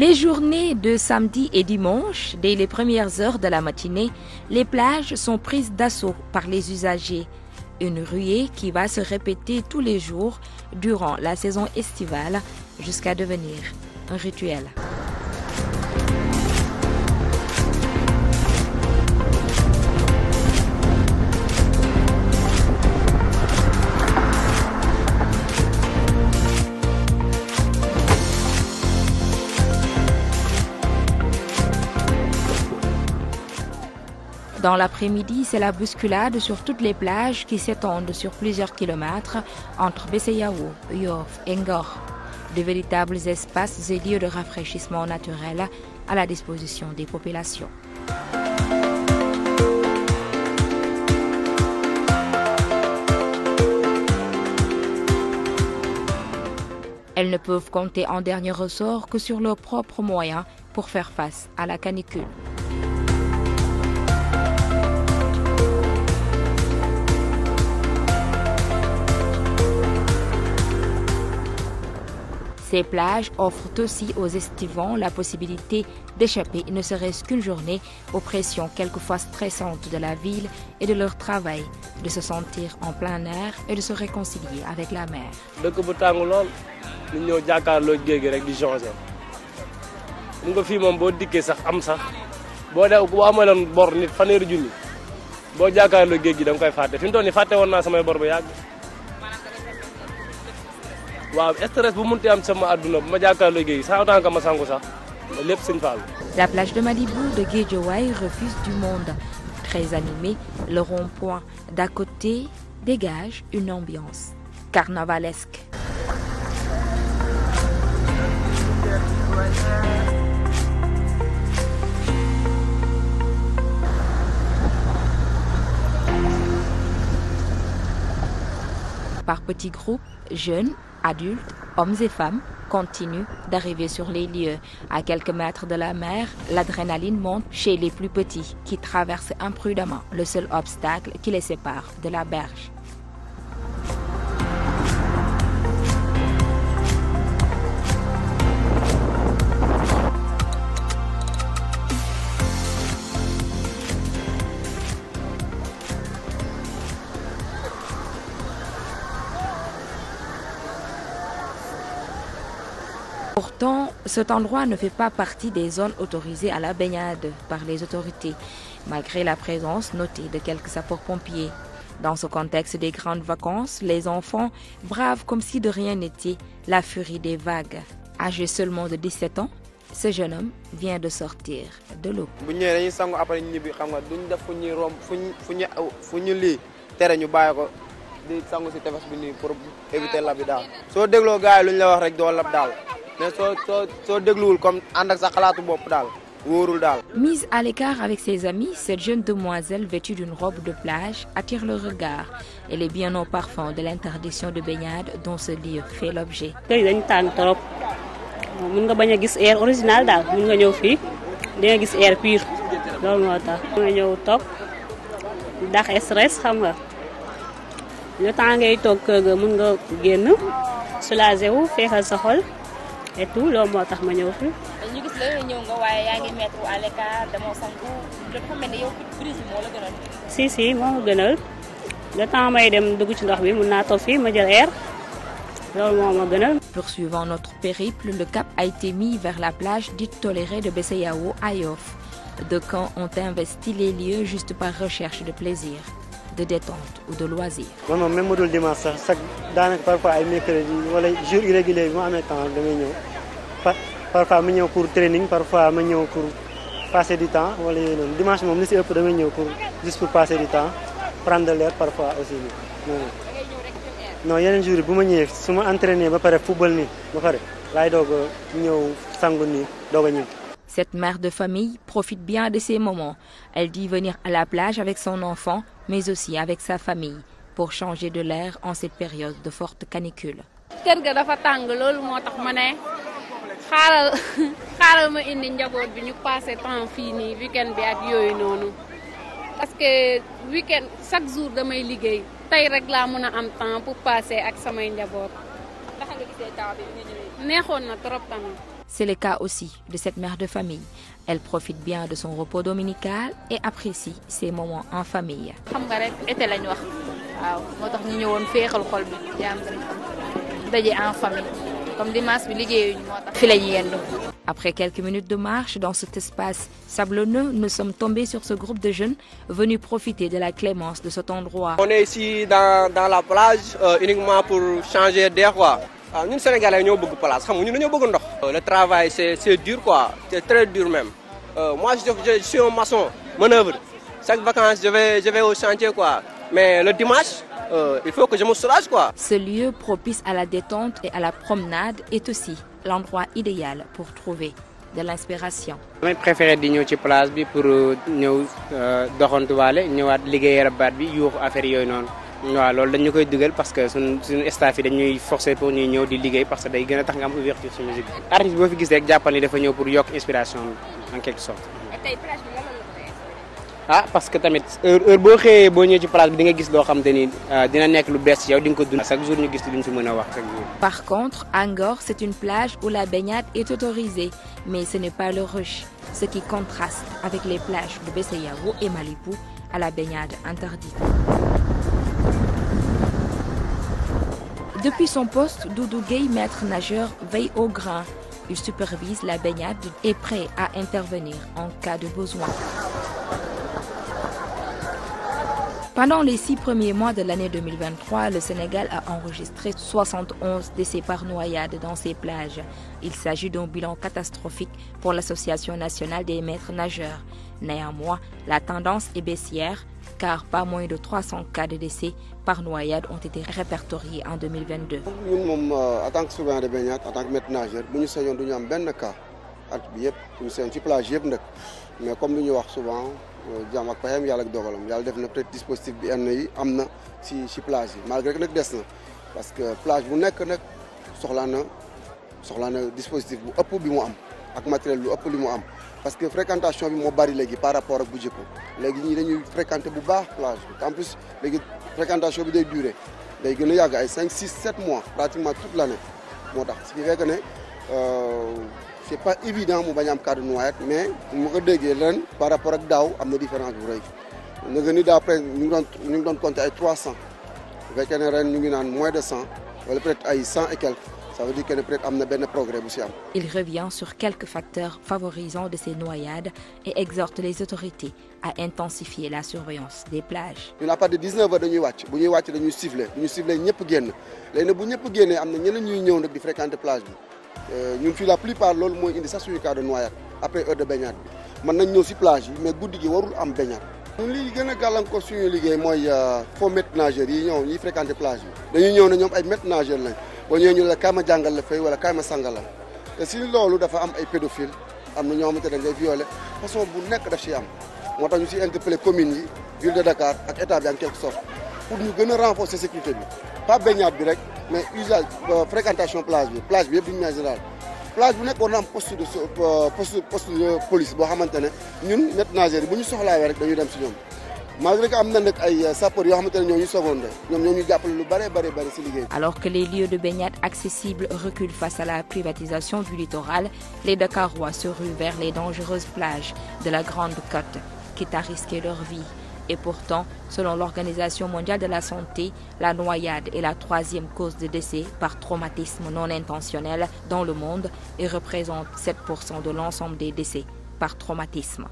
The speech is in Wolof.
Les journées de samedi et dimanche, dès les premières heures de la matinée, les plages sont prises d'assaut par les usagers. Une ruée qui va se répéter tous les jours durant la saison estivale jusqu'à devenir un rituel. Dans l'après-midi, c'est la bousculade sur toutes les plages qui s'étendent sur plusieurs kilomètres entre Besseyao, Yoff et Ngor. De véritables espaces et lieux de rafraîchissement naturel à la disposition des populations. Elles ne peuvent compter en dernier ressort que sur leurs propres moyens pour faire face à la canicule. Ces plages offrent aussi aux estivants la possibilité d'échapper, ne serait-ce qu'une journée, aux pressions quelquefois stressantes de la ville et de leur travail, de se sentir en plein air et de se réconcilier avec la mer. dëkk bu tàng lool ñu ñëw jàkkaarloo géej gi rek di changer mu nga fii moom boo dikkee sax am sax boo dee boo amaloon bor nit fanweeri junni boo jàkkaarloo géej gi da nga koy fàtte fi mu toll nii fàtte woon naa samay bor bu yàgg. waaw stress bu munti am sama àdduna bu saa autant que ma sangu sax lépp La plage de Malibu de Guédiawaye refuse du monde. Très animé, le rond-point d'à côté dégage une ambiance carnavalesque. adultes, hommes et femmes, continuent d'arriver sur les lieux. À quelques mètres de la mer, l'adrénaline monte chez les plus petits qui traversent imprudemment le seul obstacle qui les sépare de la berge. Cet endroit ne fait pas partie des à la baignade par les autorités, malgré la présence notée de quelques sapeurs-pompiers. Dans ce contexte des grandes vacances, les enfants bravent comme si de rien n'était la furie des vagues. Âgé seulement de 17 ans, ce de sortir de l'eau. bu ñëwee dañuy sangu après ñibbi xam nga def fu ñuy romb fu ñu fu ñu fu ñu lii tere ñu bàyyi ko di sangu si tefes bi nii pour bi daal. soo dégloo gars lu ñu la wax rek doo lab daal. mais soo soo soo dégluwul comme ànd ak sa xalaatu bopp daal wóorul daal. mise à l'écart avec ses amis cette jeune demoiselle vêtue d'une robe de plage attire le regard elle est bien au parfum de l'interdiction de baignade dont ce lieu fait l'objet. kër dañ dañu tàng trop mun nga bañ a gis air original daal mun nga ñëw fii di gis air pur loolu moo tax. mun nga ñëw toog dax stress xam nga le temps ngay toog kër ga mun nga génn soulager wu feexal sa xol. et tout loolu moo tax ma ñëw fi. ñu gis la ñëw nga waaye yaa ngi mettre à l'écart damoo sangu dafa mel ni yow brise moo la gënal. si si moo ma gënal le temps may dem dugg ci ndox bi mun naa toog fii ma jël air loolu moo ma gënal. Poursuivant notre périple, le cap a été mis vers la plage dite tolérée de Besseyao à Yoff. Deux camps ont investi les lieux juste par recherche de plaisir, de détente ou de loisir. parfois ma ñëw pour training parfois ma ñëw pour passer du temps dimanche moom li si ëpp damay ñëw pour juste pour passer du temps prendre l'air parfois aussi nii non yeneen bu ma ñëwee su ma entraîné ba pare football nii ba pare laay doog a ñëw sangu nii doog Cette mère de famille profite bien de ces moments. Elle dit venir à la plage avec son enfant, mais aussi avec sa famille, pour changer de l'air en cette période de forte canicule. kër ga dafa xaaral xaaral ma indi njaboot bi ñu passé temps fii nii weekend bi ak yooyu noonu parce que weekend chaque jour damay liggéey tey rek laa mën a am temps pour passer ak samay njaboot. neexoon na trop tamit. C'est le cas aussi de cette mère de famille. Elle profite bien de son repos dominical et apprécie ses moments en famille. xam nga rek été lañ wax waaw moo tax ñu ñëwoon féexal xol bi daje en famille. comme dimanche bi liggée moo tax fi la Après quelques minutes de marche dans cet espace sablonneux, nous sommes tombés sur ce groupe de jeunes venus profiter de la clémence de cet endroit. On est ici dans, la plage euh, uniquement pour changer d'air quoi. waaw ah, ñun Sénégalais ñoo bëgg place xam nga ñun dañoo bëgg ndox. Euh, le travail c'est c'est dur quoi c'est très dur même euh, moi je, je, je suis un maçon manœuvre chaque vacances je vais je vais quoi mais le dimanche. euh, il faut que je me soulage quoi. Ce lieu propice à la détente et à la promenade est aussi l'endroit idéal pour trouver de l'inspiration. préféré di ñëw ci place bi pour euh, ñëw euh, doxantuwaale ñëwaat liggéey rabaat bi yuuxu affaire yooyu noonu. waaw loolu dañu koy dugal parce que suñ suñu staff yi dañuy forcer pour ñuy ñëw di liggéey parce que day gën a tax nga am ouverture sur musique bi. artiste boo fi gis rek jàppal ni dafa ñëw pour yokk inspiration en quelque sorte. ah parce que tamit heure heure boo boo ñëwee ci place bi di nga loo xam te ni ah, lu bees ko dund chaque a wax chaque jour. par contre à Ngor c'est une plage où la baignade est autorisée mais ce n'est pas le rush ce qui contraste avec les plages de Bessayawou et Malibou à la baignade interdite. Depuis son poste, Doudou Gueye, maître nageur, veille au grain. Il supervise la baignade et prêt à intervenir en cas de besoin. Pendant les six premiers mois de l'année 2023, le Sénégal a enregistré 71 décès par noyade dans ses plages. Il s'agit d'un bilan catastrophique pour l'Association nationale des maîtres nageurs. la tendance est baissière car pas moins de de décès par noyade ont été répertoriés en 2022. ñun moom euh, en tant que surveillant de baignade en tant que maître nageur bu ñu sañoon du ñu am benn cas at bi yëpp du jàmm ak payam yàlla ak dogalam yàlla def na peut-être dispositif bi am na yi plage yi malgré que nag des na parce que plage bu nekk nag soxlaa na soxlaa na dispositif bu ëpp bi mu am ak matériel lu ëpp lu mu am parce que fréquentation bi moo bari léegi par rapport ak bu jëkk léegi ñii dañuy fréquenter bu baax plage bi en plus léegi fréquentation bi day durer day gën a yàgg ay cinq 6 7 mois pratiquement toute l'année moo tax ce qui ne euh, c'est pas évident mu bañ am cadre noyade mais bu ma daaw am na différence bu rëy na nga daaw peut ñu ngi doon ñu ngi ay trois cent bu ñu ngi naan moins de cent wala peut am na benn progrès bu si am. Il revient sur quelques facteurs favorisants de ces noyades et exhorte les autorités à intensifier la surveillance des plages. ñun à partir de 19 heures dañuy wàcc bu ñuy dañuy siffler bu ñu siffler ñëpp génn léegi nag bu ñëpp génnee am na ñeneen ñuy ñëw nag di plage Euh, ñun fii la plupart loolu mooy indi sax suñu cas de noyade après heure de baignade bi mën nañ ñëw si plage yi mais guddi gi warul am baignade. ñun li gën a gàllankoor suñu liggéey mooy euh, faux maîtres nageurs yi ñëw ñuy fréquenter plage bi dañuy ñëw ne ñoom ay maîtres nageurs lañ ba ñëwee ñu la kaay ma jàngal la fay wala kaay ma sàngal la te si loolu dafa am ay pédophile am na ñoo xamante ne ngay violé façon bu nekk daf si am moo tax ñu si interpellé communes yi ville de Dakar ak état bi en pour ñu gën a renforcer sécurité bi pas baignade bi rek. mais usage euh, fréquentation plage bi plage bi yëpp am euh, poste poste de police boo xamante ne ñun net nageurs yi bu ñu soxlaawee rek dañuy dem si ñoom malgré que am na nag euh, yoo xamante ne ñoo ñu seconde ñoom ñoo ñu jàppale lu bare bare si liggéey alors que les lieux de baignade accessibles reculent face à la privatisation du littoral les Dakarois se ruent vers les dangereuses plages de la Grande Côte quitte à risquer leur vie Et pourtant, selon l'Organisation mondiale de la santé, la noyade est la troisième cause de décès par traumatisme non intentionnel dans le monde et représente 7% de l'ensemble des décès par traumatisme.